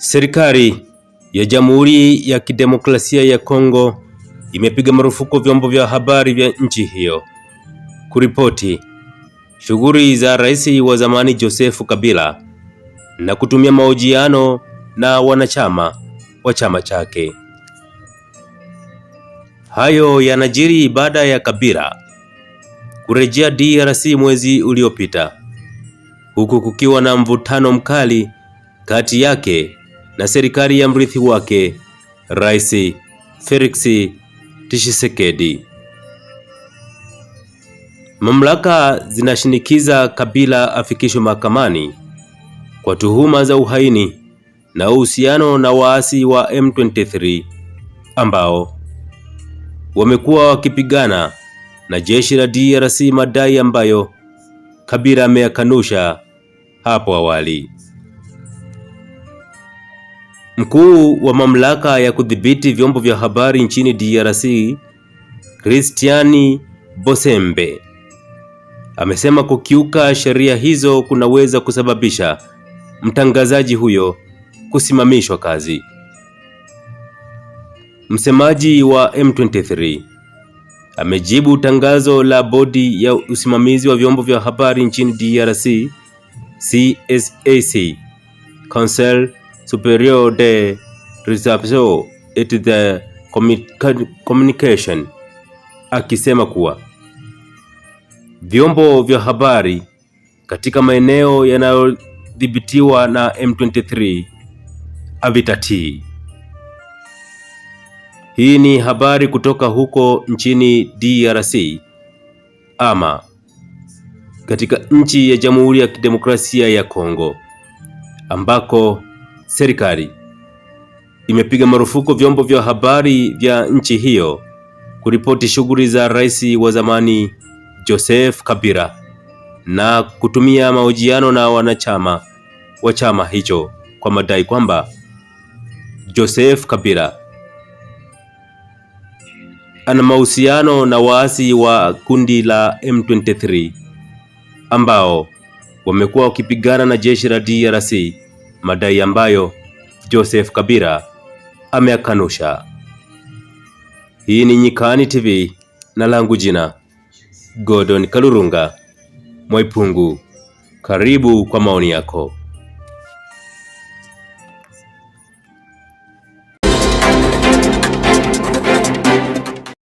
Serikali ya Jamhuri ya Kidemokrasia ya Kongo imepiga marufuku vyombo vya habari vya nchi hiyo kuripoti shughuli za rais wa zamani Joseph Kabila na kutumia mahojiano na wanachama wa chama chake. Hayo yanajiri baada ya Kabila kurejea DRC mwezi uliopita, huku kukiwa na mvutano mkali kati yake na serikali ya mrithi wake Rais Felix Tshisekedi. Mamlaka zinashinikiza Kabila afikishwe mahakamani kwa tuhuma za uhaini na uhusiano na waasi wa M23 ambao wamekuwa wakipigana na jeshi la DRC, madai ambayo Kabila ameyakanusha hapo awali. Mkuu wa mamlaka ya kudhibiti vyombo vya habari nchini DRC, Christiani Bosembe amesema kukiuka sheria hizo kunaweza kusababisha mtangazaji huyo kusimamishwa kazi. Msemaji wa M23 amejibu tangazo la bodi ya usimamizi wa vyombo vya habari nchini DRC CSAC Council superior de reserve et de communication, akisema kuwa vyombo vya habari katika maeneo yanayodhibitiwa na M23 havitatii. Hii ni habari kutoka huko nchini DRC ama katika nchi ya Jamhuri ya Kidemokrasia ya Kongo ambako serikali imepiga marufuku vyombo vya habari vya nchi hiyo kuripoti shughuli za rais wa zamani Joseph Kabila na kutumia mahojiano na wanachama wa chama hicho kwa madai kwamba Joseph Kabila ana mahusiano na waasi wa kundi la M23 ambao wamekuwa wakipigana na jeshi la DRC madai ambayo Joseph Kabila ameakanusha. Hii ni Nyikani TV na langu jina Gordon Kalurunga Mwaipungu. Karibu kwa maoni yako.